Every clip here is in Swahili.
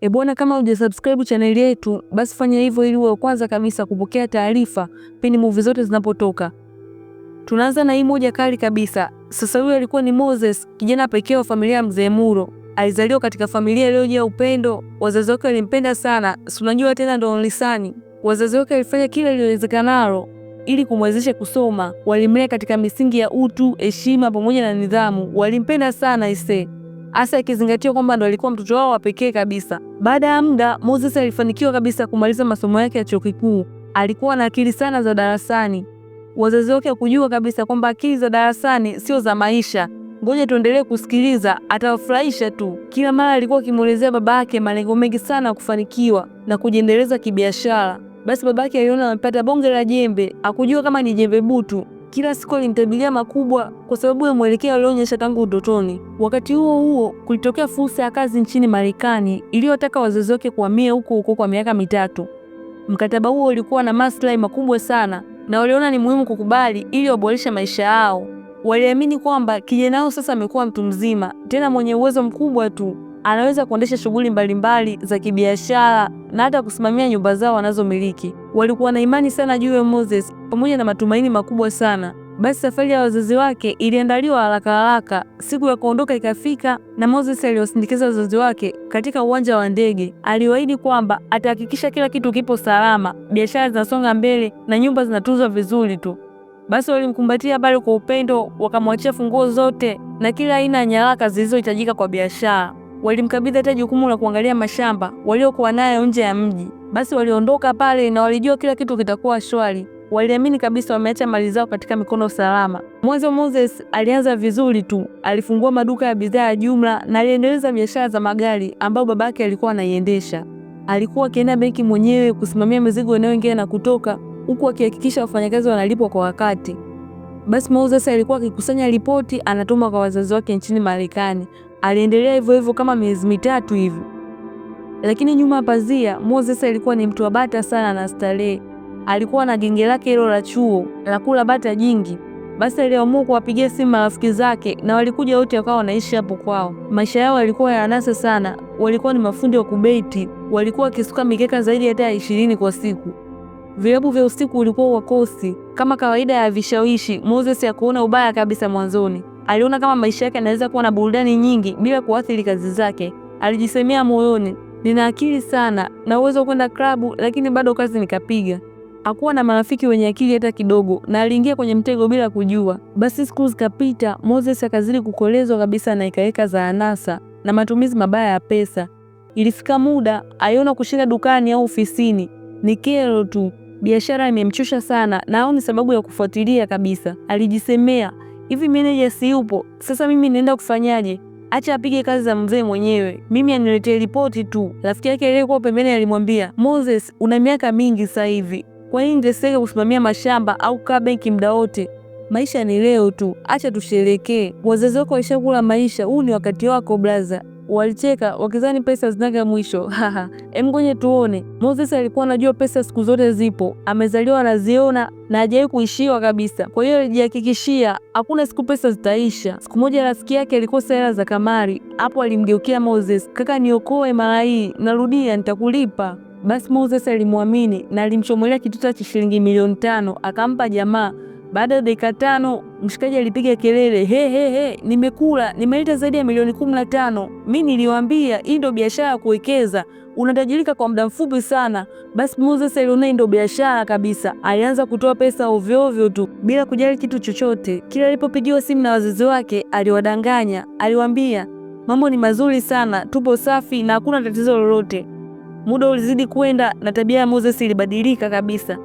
E bwana, kama hujasubscribe channel yetu basi fanya hivyo ili uwe kwanza kabisa kupokea taarifa pindi movie zote zinapotoka. Tunaanza na hii moja kali kabisa. Sasa huyu alikuwa ni Moses, kijana pekee wa familia ya Mzee Muro. Alizaliwa katika familia iliyojaa upendo, wazazi wake walimpenda sana. Si unajua tena ndo lisani. Wazazi wake walifanya kila liliwezekanalo ili kumwezesha kusoma. Walimlea katika misingi ya utu, heshima pamoja na nidhamu. Walimpenda sana ise hasa ikizingatia kwamba ndo alikuwa mtoto wao wa pekee kabisa. Baada ya muda, Moses alifanikiwa kabisa kumaliza masomo yake ya chuo kikuu. Alikuwa na akili sana za darasani. Wazazi wake kujua kabisa kwamba akili za darasani sio za maisha. Ngoja tuendelee kusikiliza, atawafurahisha tu. Kila mara alikuwa akimuelezea baba yake malengo mengi sana ya kufanikiwa na kujiendeleza kibiashara. Basi babake aliona amepata bonge la jembe, akujua kama ni jembe butu, kila siku alinitabiria makubwa kwa sababu ya mwelekeo alionyesha tangu utotoni. Wakati huo huo, kulitokea fursa ya kazi nchini Marekani iliyotaka wazazi wake kuhamia huko huko kwa miaka mitatu. Mkataba huo ulikuwa na maslahi makubwa sana na waliona ni muhimu kukubali ili waboreshe maisha yao. Waliamini kwamba kijana wao sasa amekuwa mtu mzima tena mwenye uwezo mkubwa tu, anaweza kuendesha shughuli mbalimbali za kibiashara na hata kusimamia nyumba zao wanazomiliki walikuwa na imani sana juu ya Moses pamoja na matumaini makubwa sana. Basi safari ya wazazi wake iliandaliwa haraka haraka. Siku ya kuondoka ikafika, na Moses aliwasindikiza wazazi wake katika uwanja wa ndege. Aliwaahidi kwamba atahakikisha kila kitu kipo salama, biashara zinasonga mbele na nyumba zinatunzwa vizuri tu. Basi walimkumbatia habari kwa upendo, wakamwachia funguo zote na kila aina ya nyaraka zilizohitajika kwa biashara walimkabidhi hata jukumu la kuangalia mashamba waliokuwa nayo nje ya mji. Basi waliondoka pale na walijua kila kitu kitakuwa shwari. Waliamini kabisa wameacha mali zao katika mikono salama. Mwanzo Moses alianza vizuri tu, alifungua maduka ya bidhaa ya jumla na aliendeleza biashara za magari ambayo babake alikuwa anaiendesha. Alikuwa akienda benki mwenyewe kusimamia mizigo inayoingia na kutoka, huku akihakikisha wafanyakazi wanalipwa kwa wakati. Basi Moses alikuwa akikusanya ripoti anatuma kwa wazazi wake nchini Marekani, Aliendelea hivyo hivyo kama miezi mitatu hivi, lakini nyuma ya pazia Moses alikuwa ni mtu wa bata sana na starehe. Alikuwa na genge lake hilo la chuo la kula bata jingi. Basi aliamua kuwapigia simu marafiki zake na walikuja wote wakawa wanaishi hapo kwao. Maisha yao yalikuwa ya anasa sana, walikuwa ni mafundi wa kubeti, walikuwa wakisuka mikeka zaidi hata ya ishirini kwa siku. Vilabu vya usiku ulikuwa wakosi Kama kawaida ya vishawishi, Moses ya kuona ubaya kabisa mwanzoni. Aliona kama maisha yake yanaweza kuwa na burudani nyingi bila kuathiri kazi zake. Alijisemea moyoni, nina akili sana na uwezo kwenda klabu, lakini bado kazi nikapiga. Hakuwa na marafiki wenye akili hata kidogo, na aliingia kwenye mtego bila kujua. Basi siku zikapita, Moses akazidi kukolezwa kabisa na ikaeka za anasa na matumizi mabaya ya pesa. Ilifika muda aliona kushinda dukani au ofisini ni kero tu, biashara imemchosha sana, na au ni sababu ya kufuatilia kabisa, alijisemea hivi meneja si yupo sasa, mimi naenda kufanyaje? Acha apige kazi za mzee mwenyewe, mimi aniletee ripoti tu. Rafiki yake aliyekuwa pembeni alimwambia, Moses, una miaka mingi sasa hivi, kwa nini ndeseke kusimamia mashamba au kaa benki muda wote? Maisha ni leo tu, acha tusherekee. Wazazi wako waishakula maisha, huu ni wakati wako braza. Walicheka wakizani pesa zinaga mwisho. Haha, emngoje tuone. Moses alikuwa anajua pesa siku zote zipo, amezaliwa anaziona na hajawahi kuishiwa kabisa. Kwa hiyo alijihakikishia hakuna siku pesa zitaisha. Siku moja rafiki yake alikosa hela za kamari, hapo alimgeukia Moses, kaka, niokoe mara hii, narudia nitakulipa. Basi Moses alimwamini na alimchomolea kituta cha shilingi milioni tano akampa jamaa baada ya dakika tano mshikaji alipiga kelele, he he he, nimekula, nimeleta zaidi ya milioni kumi na tano. Mi niliwaambia hii ndio biashara ya kuwekeza, unatajirika kwa muda mfupi sana. Basi Moses aliona hii ndio biashara kabisa, alianza kutoa pesa ovyo ovyo tu bila kujali kitu chochote. Kila alipopigiwa simu na wazazi wake aliwadanganya, aliwaambia mambo ni mazuri sana, tupo safi na hakuna tatizo lolote. Muda ulizidi kwenda na tabia ya Moses ilibadilika kabisa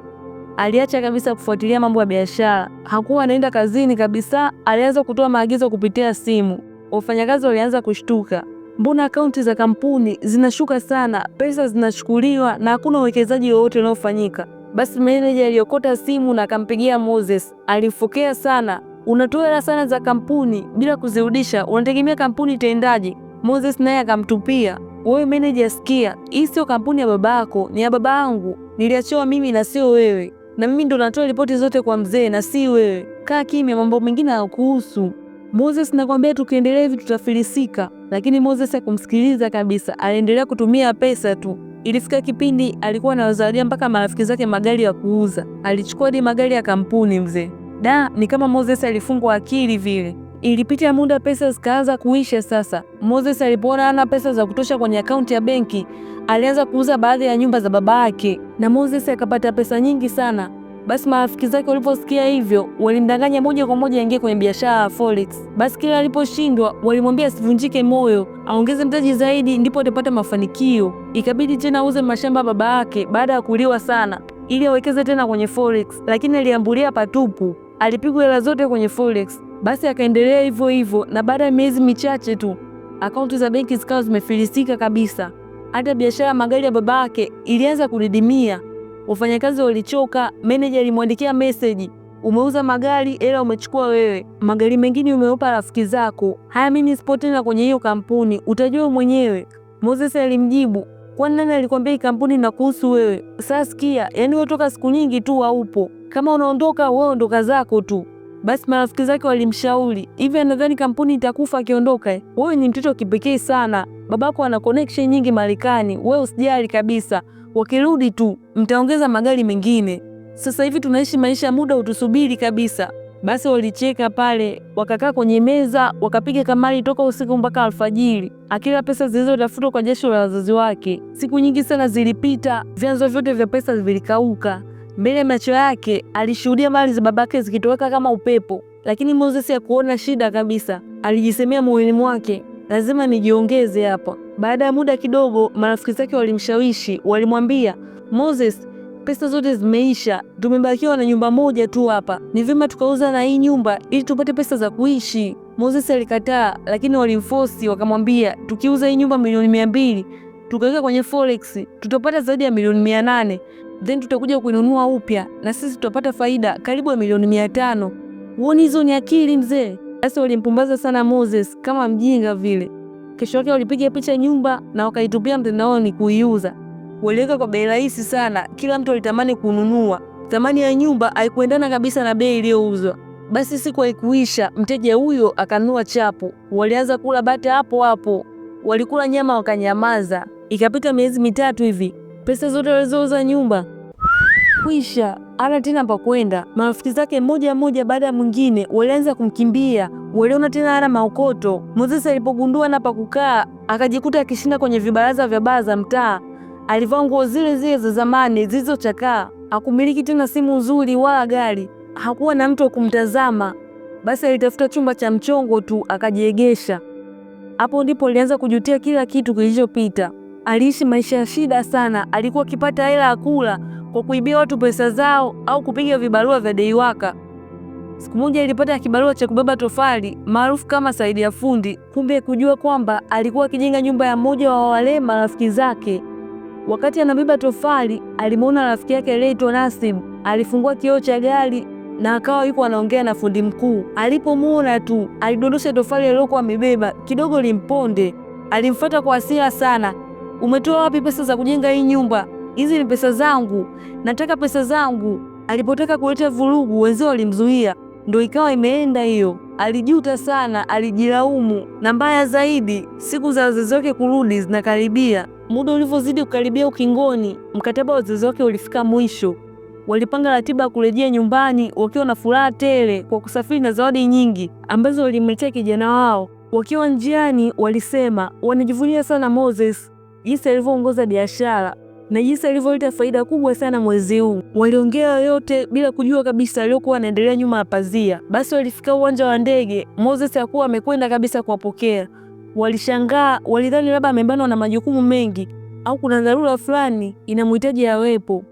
aliacha kabisa kufuatilia mambo ya biashara, hakuwa anaenda kazini kabisa, alianza kutoa maagizo kupitia simu. Wafanyakazi walianza kushtuka, mbona akaunti za kampuni zinashuka sana, pesa zinachukuliwa na hakuna uwekezaji wowote unaofanyika? Basi meneja aliokota simu na akampigia Moses. Alifokea sana, unatoa hela sana za kampuni bila kuzirudisha, unategemea kampuni itaendaje? Moses naye akamtupia, wewe meneja, sikia, hii sio kampuni ya babako, ni ya babangu, niliachiwa mimi na sio wewe na mimi ndo natoa ripoti zote kwa mzee na si wewe. Kaa kimya, mambo mengine hayakuhusu. Moses, nakwambia tukiendelea hivi tutafilisika. Lakini Moses hakumsikiliza kabisa, aliendelea kutumia pesa tu. Ilifika kipindi alikuwa anawazawadia mpaka marafiki zake magari ya kuuza, alichukua hadi magari ya kampuni mzee. Da, ni kama Moses alifungwa akili vile. Ilipita muda, pesa zikaanza kuisha. Sasa Moses alipoona hana pesa za kutosha kwenye akaunti ya benki, alianza kuuza baadhi ya nyumba za baba yake, na Moses akapata pesa nyingi sana. Basi marafiki zake waliposikia hivyo, walimdanganya moja kwa moja aingie kwenye biashara ya forex. Basi kila aliposhindwa, walimwambia asivunjike moyo, aongeze mtaji zaidi, ndipo atapata mafanikio. Ikabidi tena auze mashamba ya baba yake baada ya kuliwa sana, ili awekeze tena kwenye forex, lakini aliambulia patupu. Alipigwa hela zote kwenye forex. Basi akaendelea hivyo hivyo, na baada ya miezi michache tu akaunti za benki zikawa zimefilisika kabisa. Hata biashara ya magari ya babake ilianza kudidimia, wafanyakazi walichoka. Meneja alimwandikia meseji, umeuza magari, ila umechukua wewe, magari mengine umeupa rafiki zako. Haya, mimi sipo tena kwenye hiyo kampuni, utajua mwenyewe. Moses alimjibu, kwani nani alikwambia hii kampuni na kuhusu wewe? Sasa sikia, yani wewe toka siku nyingi tu haupo, kama unaondoka wewe ondoka zako tu. Basi marafiki zake walimshauri hivi, anadhani kampuni itakufa akiondoka? Wewe ni mtoto kipekee sana, babako ana connection nyingi Marekani, wewe usijali kabisa, wakirudi tu mtaongeza magari mengine. Sasa hivi tunaishi maisha muda, utusubiri kabisa. Basi walicheka pale, wakakaa kwenye meza, wakapiga kamari toka usiku mpaka alfajiri, akila pesa zilizotafutwa kwa jasho la wazazi wake. Siku nyingi sana zilipita, vyanzo vyote vya pesa vilikauka. Mbele macho yake alishuhudia mali za babake zikitoweka kama upepo, lakini Moses hakuona shida kabisa. Alijisemea moyoni mwake, lazima nijiongeze hapa. Baada ya muda kidogo, marafiki zake walimshawishi, walimwambia Moses, pesa zote zimeisha, tumebakiwa na nyumba moja tu hapa, ni vyema tukauza na hii nyumba ili tupate pesa za kuishi. Moses alikataa, lakini walimfosi, wakamwambia tukiuza hii nyumba milioni mia mbili tukaweka kwenye forex tutapata zaidi ya milioni mia nane then tutakuja kuinunua upya na sisi tutapata faida karibu ya milioni mia tano. Huoni hizo ni akili mzee? Sasa walimpumbaza sana Moses kama mjinga vile. Kesho yake walipiga picha nyumba na wakaitupia mtandaoni kuiuza. Waliweka kwa bei rahisi sana, kila mtu alitamani kununua. Thamani ya nyumba haikuendana kabisa na bei iliyouzwa. Basi siku haikuisha, mteja huyo akanunua chapu. Walianza kula bata hapo hapo, walikula nyama wakanyamaza. Ikapita miezi mitatu hivi, pesa zote walizouza nyumba kwisha, ana tena pa kwenda. Marafiki zake mmoja mmoja baada ya mwingine walianza kumkimbia, waliona tena ana maokoto. Moses alipogundua na pa kukaa, akajikuta akishinda kwenye vibaraza vya baa za mtaa. Alivaa nguo zile zile za zamani zilizochakaa, hakumiliki tena simu nzuri wala gari, hakuwa na mtu wa kumtazama. Basi alitafuta chumba cha mchongo tu akajiegesha. Hapo ndipo alianza kujutia kila kitu kilichopita aliishi maisha ya shida sana. Alikuwa akipata hela ya kula kwa kuibia watu pesa zao au kupiga vibarua vya deiwaka. Siku moja ilipata kibarua cha kubeba tofali maarufu kama Saidi ya fundi, kumbe kujua kwamba alikuwa akijenga nyumba ya mmoja wa wale marafiki zake. Wakati anabeba tofali, alimwona rafiki yake aliyeitwa Nasim Alifungua kioo cha gari na akawa yuko anaongea na fundi mkuu. Alipomwona tu alidondosha tofali alilokuwa amebeba kidogo limponde. Alimfuata kwa hasira sana, umetoa wapi pesa za kujenga hii nyumba? Hizi ni pesa zangu, nataka pesa zangu. Alipotaka kuleta vurugu, wenzao walimzuia, ndo ikawa imeenda hiyo. Alijuta sana, alijilaumu, na mbaya zaidi, siku za wazazi wake kurudi zinakaribia. Muda ulivyozidi kukaribia ukingoni, mkataba wa wazazi wake ulifika mwisho. Walipanga ratiba ya kurejea nyumbani wakiwa na furaha tele, kwa kusafiri na zawadi nyingi ambazo walimletea kijana wao. Wakiwa njiani, walisema wanajivunia sana Moses jinsi alivyoongoza biashara na jinsi alivyoleta faida kubwa sana mwezi huu. Waliongea yote bila kujua kabisa aliyokuwa anaendelea nyuma ya pazia. Basi walifika uwanja wa ndege, Moses hakuwa amekwenda kabisa kuwapokea. Walishangaa, walidhani labda amebanwa na majukumu mengi au kuna dharura fulani inamhitaji awepo.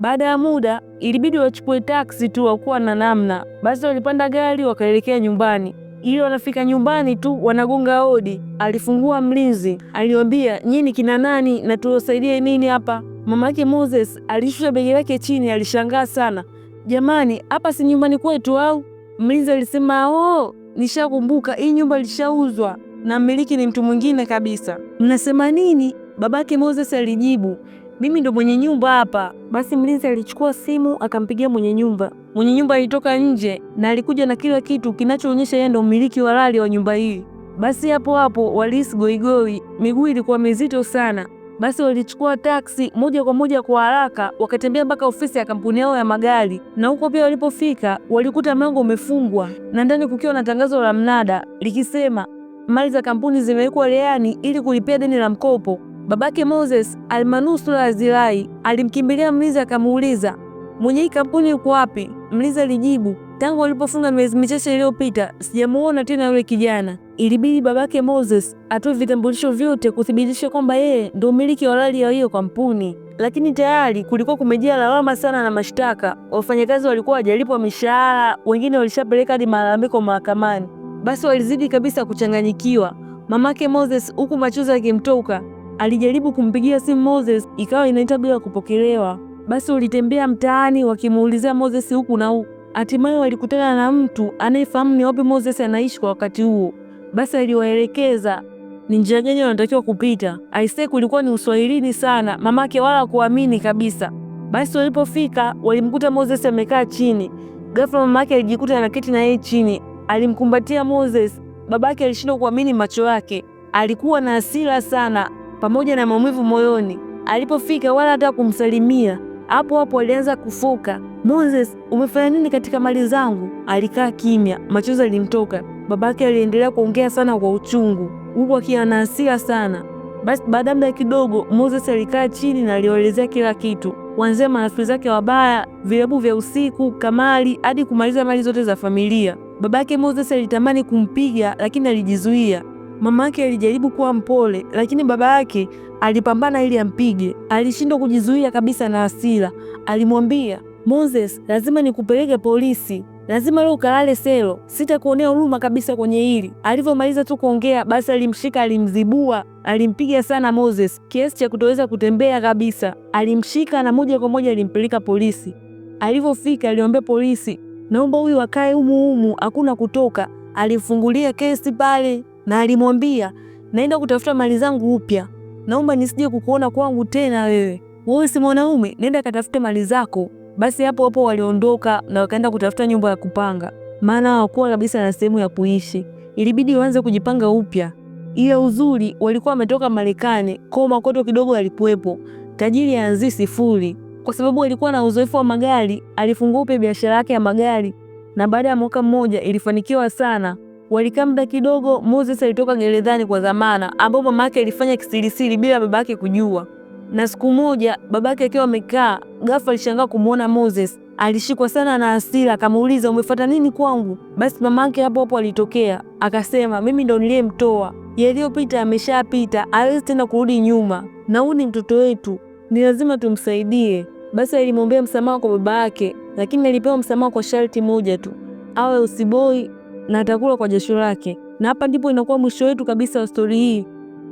Baada ya muda ilibidi wachukue taksi tu, wakuwa na namna. Basi walipanda gari wakaelekea nyumbani. Ili wanafika nyumbani tu wanagonga hodi. Alifungua mlinzi, aliwambia nyini kina nani na tuwasaidie nini hapa? Mama yake Moses alishusha begi lake chini, alishangaa sana. Jamani, hapa si nyumbani kwetu au? Mlinzi alisema oh, nishakumbuka, hii nyumba ilishauzwa na mmiliki ni mtu mwingine kabisa. Mnasema nini? Babake Moses alijibu, mimi ndo mwenye nyumba hapa. Basi mlinzi alichukua simu akampigia mwenye nyumba. Mwenye nyumba alitoka nje na alikuja na kila kitu kinachoonyesha yeye ndo mmiliki halali wa nyumba hii. Basi hapo hapo walihisi goigoi, miguu ilikuwa mizito sana. Basi walichukua taksi moja kwa moja kwa haraka, wakatembea mpaka ofisi ya kampuni yao ya magari, na huko pia walipofika walikuta mlango umefungwa na ndani kukiwa na tangazo la mnada likisema mali za kampuni zimewekwa leani ili kulipia deni la mkopo. Babake Moses almanusula Zirai alimkimbilia mlinzi akamuuliza, mwenye hii kampuni yuko wapi? Mlinzi alijibu, tangu walipofunga miezi michache iliyopita sijamuona tena yule kijana. Ilibidi babake Moses atoe vitambulisho vyote kuthibitisha kwamba yeye ndio mmiliki halali wa hiyo kampuni, lakini tayari kulikuwa kumejaa lawama sana na mashtaka. Wafanyakazi walikuwa hawajalipwa mishahara, wengine walishapeleka hadi malalamiko mahakamani. Basi walizidi kabisa kuchanganyikiwa. Mamake Moses huku machozi yakimtoka Alijaribu kumpigia simu Moses, ikawa inaita bila kupokelewa. Basi ulitembea mtaani wakimuulizia Moses huku na huku. Hatimaye walikutana na mtu anayefahamu ni wapi Moses anaishi kwa wakati huo. Basi aliwaelekeza ni njia gani wanatakiwa kupita. Aisee, kulikuwa ni uswahilini sana, mamake wala kuamini kabisa. Basi walipofika walimkuta Moses amekaa chini. Ghafla mamake alijikuta anaketi na yeye chini, alimkumbatia Moses. Babake alishindwa kuamini macho yake, alikuwa na hasira sana pamoja na maumivu moyoni. Alipofika wala hata kumsalimia, hapo hapo alianza kufuka Moses, umefanya nini katika mali zangu? Alikaa kimya, machozi alimtoka. Babake aliendelea kuongea sana kwa uchungu, huku akiwa hasira sana. Basi baada ya muda kidogo, Moses alikaa chini na alielezea kila kitu, kuanzia marafiki zake wabaya, vilabu vya usiku, kamari, hadi kumaliza mali zote za familia. Babake Moses alitamani kumpiga, lakini alijizuia. Mama alijaribu kuwa mpole, lakini baba yake alipambana ili ampige. Alishindwa kujizuia kabisa na hasira. Alimwambia Moses, lazima nikupeleke polisi, lazima leo ukalale selo, sitakuonea huruma kabisa kwenye hili. Alivyomaliza tu kuongea, basi alimshika, alimzibua, alimpiga sana Moses kiasi cha kutoweza kutembea kabisa. Alimshika na moja kwa moja alimpeleka polisi. Alivyofika aliomba polisi, naomba huyu akae humu humu, hakuna kutoka. Alifungulia kesi pale na alimwambia, naenda kutafuta mali zangu upya, naomba nisije kukuona kwangu tena wewe. Wewe si mwanaume, nenda katafute mali zako. Basi hapo hapo waliondoka na wakaenda kutafuta nyumba ya kupanga, maana hawakuwa kabisa na sehemu ya kuishi. Ilibidi waanze kujipanga upya. Ile uzuri walikuwa wametoka Marekani, kwa makoto kidogo yalikuwepo. Tajiri aanzi sifuri, kwa sababu alikuwa na uzoefu wa magari. Alifungua upya biashara yake ya magari, na baada ya mwaka mmoja ilifanikiwa sana. Walikaa muda kidogo, Moses alitoka gerezani kwa dhamana, ambapo mamake alifanya kisirisiri bila babake kujua. Na siku moja babake akiwa amekaa, ghafla alishangaa kumwona Moses. Alishikwa sana na hasira, akamuuliza umefuata nini kwangu? Basi mamake hapo hapo alitokea, akasema mimi ndo niliyemtoa, yaliyopita ameshapita, hawezi tena kurudi nyuma, na huyu ni mtoto wetu, ni lazima tumsaidie. Basi alimwombea msamaha kwa baba yake, lakini alipewa msamaha kwa sharti moja tu, awe usiboi na atakula kwa jasho lake. Na hapa ndipo inakuwa mwisho wetu kabisa wa stori hii.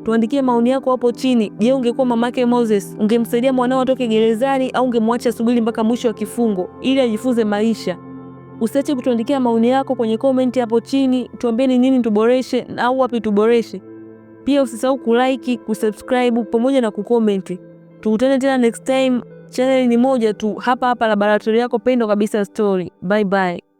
Tuandikie maoni yako hapo chini. Je, ungekuwa mamake Moses, ungemsaidia mwanao atoke gerezani au ungemwacha subiri mpaka mwisho wa kifungo ili ajifunze maisha? Usiache kutuandikia maoni yako kwenye komenti hapo chini, tuambie ni nini tuboreshe au wapi tuboreshe. Pia usisahau kulike, kusubscribe pamoja na kukomenti. Tukutane tena next time. Channel ni moja tu hapa hapa, laboratori yako pendwa kabisa story. Bye bye.